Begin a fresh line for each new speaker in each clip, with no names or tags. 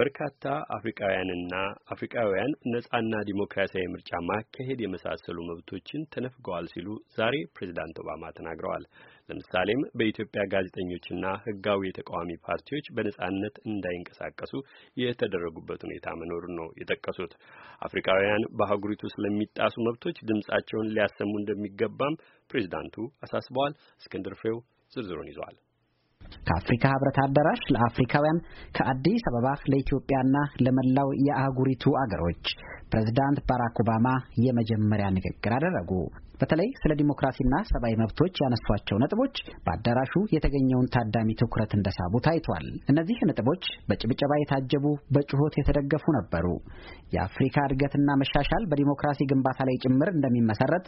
በርካታ አፍሪካውያንና አፍሪካውያን ነጻና ዲሞክራሲያዊ ምርጫ ማካሄድ የመሳሰሉ መብቶችን ተነፍገዋል ሲሉ ዛሬ ፕሬዚዳንት ኦባማ ተናግረዋል። ለምሳሌም በኢትዮጵያ ጋዜጠኞችና ሕጋዊ የተቃዋሚ ፓርቲዎች በነጻነት እንዳይንቀሳቀሱ የተደረጉበት ሁኔታ መኖሩን ነው የጠቀሱት። አፍሪካውያን በአህጉሪቱ ስለሚጣሱ መብቶች ድምጻቸውን ሊያሰሙ እንደሚገባም ፕሬዚዳንቱ አሳስበዋል። እስክንድር ፍሬው
ዝርዝሩን ይዟል።
ከአፍሪካ ህብረት አዳራሽ ለአፍሪካውያን ከአዲስ አበባ ለኢትዮጵያና ለመላው የአህጉሪቱ አገሮች ፕሬዝዳንት ባራክ ኦባማ የመጀመሪያ ንግግር አደረጉ። በተለይ ስለ ዲሞክራሲና ሰብአዊ መብቶች ያነሷቸው ነጥቦች በአዳራሹ የተገኘውን ታዳሚ ትኩረት እንደሳቡ ታይቷል። እነዚህ ነጥቦች በጭብጨባ የታጀቡ፣ በጩኸት የተደገፉ ነበሩ። የአፍሪካ እድገትና መሻሻል በዲሞክራሲ ግንባታ ላይ ጭምር እንደሚመሰረት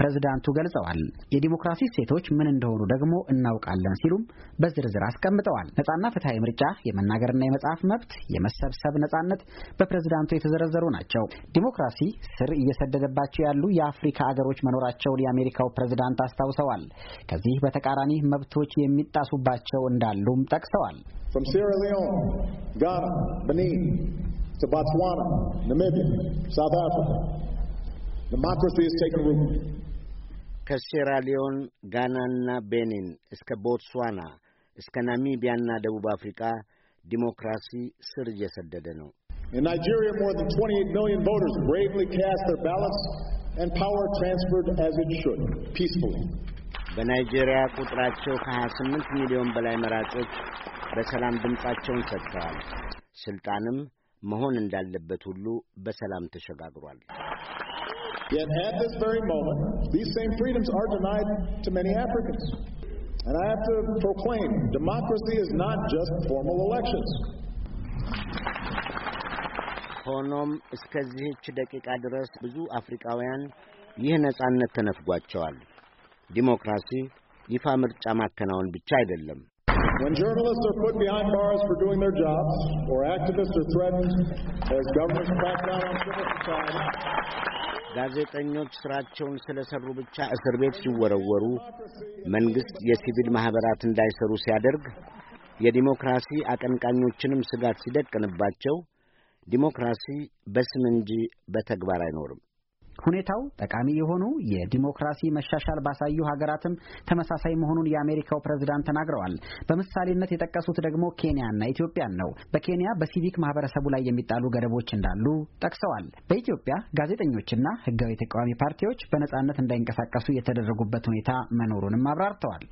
ፕሬዝዳንቱ ገልጸዋል። የዲሞክራሲ እሴቶች ምን እንደሆኑ ደግሞ እናውቃለን ሲሉም በዝርዝር አስቀምጠዋል። ነጻና ፍትሐዊ ምርጫ፣ የመናገርና የመጽሐፍ መብት፣ የመሰብሰብ ነጻነት በፕሬዝዳንቱ የተዘረዘሩ ናቸው። ዲሞክራሲ ስር እየሰደደባቸው ያሉ የአፍሪካ አገሮች መኖር መኖራቸውን የአሜሪካው ፕሬዝዳንት አስታውሰዋል። ከዚህ በተቃራኒ መብቶች የሚጣሱባቸው እንዳሉም ጠቅሰዋል።
ከሴራሊዮን ጋናና ቤኒን እስከ ቦትስዋና እስከ ናሚቢያና ደቡብ አፍሪካ ዲሞክራሲ ስር
እየሰደደ ነው። In Nigeria, more than 28 million voters bravely cast their ballots and power transferred as it should, peacefully.
በናይጄሪያ ቁጥራቸው ከ28 ሚሊዮን በላይ መራጮች በሰላም ድምፃቸውን ሰጥተዋል። ስልጣንም መሆን እንዳለበት ሁሉ በሰላም ተሸጋግሯል።
Yet at this very moment, these same freedoms are denied to many Africans. And I have to proclaim democracy is not just formal elections.
ሆኖም እስከዚህች ደቂቃ ድረስ ብዙ አፍሪካውያን ይህ ነጻነት ተነፍጓቸዋል። ዲሞክራሲ ይፋ ምርጫ ማከናወን ብቻ አይደለም።
ጋዜጠኞች
ስራቸውን ስለሰሩ ብቻ እስር ቤት ሲወረወሩ፣ መንግሥት የሲቪል ማኅበራት እንዳይሰሩ ሲያደርግ፣ የዲሞክራሲ አቀንቃኞችንም ስጋት ሲደቅንባቸው ዲሞክራሲ በስም እንጂ በተግባር አይኖርም።
ሁኔታው ጠቃሚ የሆኑ የዲሞክራሲ መሻሻል ባሳዩ ሀገራትም ተመሳሳይ መሆኑን የአሜሪካው ፕሬዝዳንት ተናግረዋል። በምሳሌነት የጠቀሱት ደግሞ ኬንያና ኢትዮጵያን ነው። በኬንያ በሲቪክ ማህበረሰቡ ላይ የሚጣሉ ገደቦች እንዳሉ ጠቅሰዋል። በኢትዮጵያ ጋዜጠኞችና ህጋዊ ተቃዋሚ ፓርቲዎች በነጻነት እንዳይንቀሳቀሱ የተደረጉበት ሁኔታ መኖሩንም አብራርተዋል።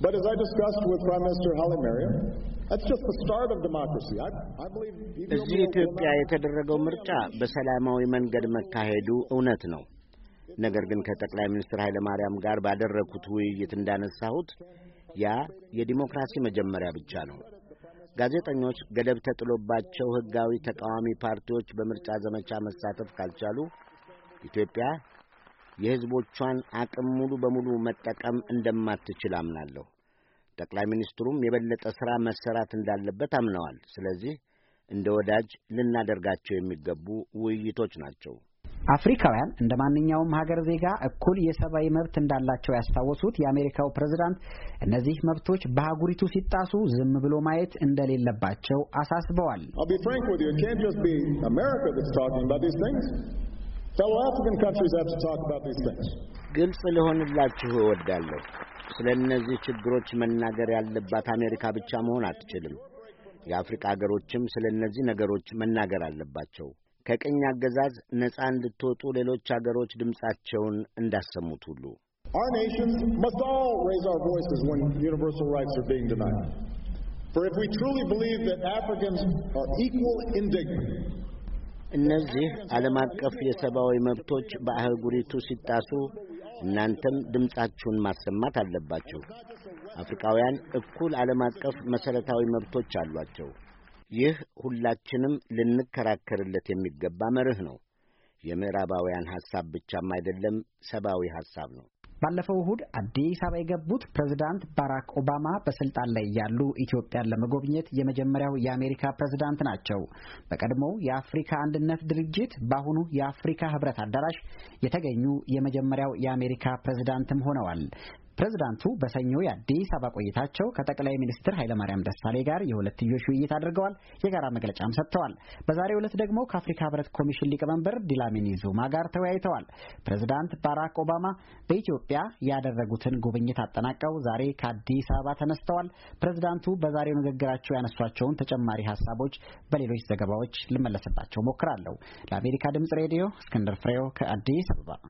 But as I discussed with Prime Minister Haile that's just the start of democracy. I, I believe እዚህ ኢትዮጵያ የተደረገው
ምርጫ በሰላማዊ መንገድ መካሄዱ እውነት ነው። ነገር ግን ከጠቅላይ ሚኒስትር ኃይለ ማርያም ጋር ባደረኩት ውይይት እንዳነሳሁት ያ የዲሞክራሲ መጀመሪያ ብቻ ነው። ጋዜጠኞች ገደብ ተጥሎባቸው ሕጋዊ ተቃዋሚ ፓርቲዎች በምርጫ ዘመቻ መሳተፍ ካልቻሉ ኢትዮጵያ የሕዝቦቿን አቅም ሙሉ በሙሉ መጠቀም እንደማትችል አምናለሁ። ጠቅላይ ሚኒስትሩም የበለጠ ሥራ መሰራት እንዳለበት አምነዋል። ስለዚህ እንደ ወዳጅ ልናደርጋቸው የሚገቡ ውይይቶች ናቸው።
አፍሪካውያን እንደ ማንኛውም ሀገር ዜጋ እኩል የሰብአዊ መብት እንዳላቸው ያስታወሱት የአሜሪካው ፕሬዝዳንት እነዚህ መብቶች በአህጉሪቱ ሲጣሱ ዝም ብሎ ማየት እንደሌለባቸው አሳስበዋል።
ግልጽ
ልሆንላችሁ እወዳለሁ። ስለ እነዚህ ችግሮች መናገር ያለባት አሜሪካ ብቻ መሆን አትችልም። የአፍሪካ አገሮችም ስለ እነዚህ ነገሮች መናገር አለባቸው። ከቅኝ አገዛዝ ነፃ እንድትወጡ ሌሎች አገሮች ድምፃቸውን እንዳሰሙት ሁሉ
For if we truly believe that Africans are equal in dignity,
እነዚህ ዓለም አቀፍ የሰብአዊ መብቶች በአህጉሪቱ ሲጣሱ እናንተም ድምፃችሁን ማሰማት አለባችሁ። አፍሪካውያን እኩል ዓለም አቀፍ መሠረታዊ መብቶች አሏቸው። ይህ ሁላችንም ልንከራከርለት የሚገባ መርህ ነው። የምዕራባውያን ሐሳብ ብቻም አይደለም፣ ሰብአዊ ሐሳብ ነው።
ባለፈው እሁድ አዲስ አበባ የገቡት ፕሬዝዳንት ባራክ ኦባማ በስልጣን ላይ ያሉ ኢትዮጵያን ለመጎብኘት የመጀመሪያው የአሜሪካ ፕሬዝዳንት ናቸው። በቀድሞው የአፍሪካ አንድነት ድርጅት በአሁኑ የአፍሪካ ህብረት አዳራሽ የተገኙ የመጀመሪያው የአሜሪካ ፕሬዝዳንትም ሆነዋል። ፕሬዝዳንቱ በሰኞ የአዲስ አበባ ቆይታቸው ከጠቅላይ ሚኒስትር ኃይለማርያም ደሳሌ ጋር የሁለትዮሽ ውይይት አድርገዋል። የጋራ መግለጫም ሰጥተዋል። በዛሬው ዕለት ደግሞ ከአፍሪካ ህብረት ኮሚሽን ሊቀመንበር ዲላሚኒ ዙማ ጋር ተወያይተዋል። ፕሬዝዳንት ባራክ ኦባማ በኢትዮጵያ ያደረጉትን ጉብኝት አጠናቀው ዛሬ ከአዲስ አበባ ተነስተዋል። ፕሬዝዳንቱ በዛሬው ንግግራቸው ያነሷቸውን ተጨማሪ ሀሳቦች በሌሎች ዘገባዎች ልመለስባቸው ሞክራለሁ። ለአሜሪካ ድምጽ ሬዲዮ እስክንድር ፍሬው ከአዲስ አበባ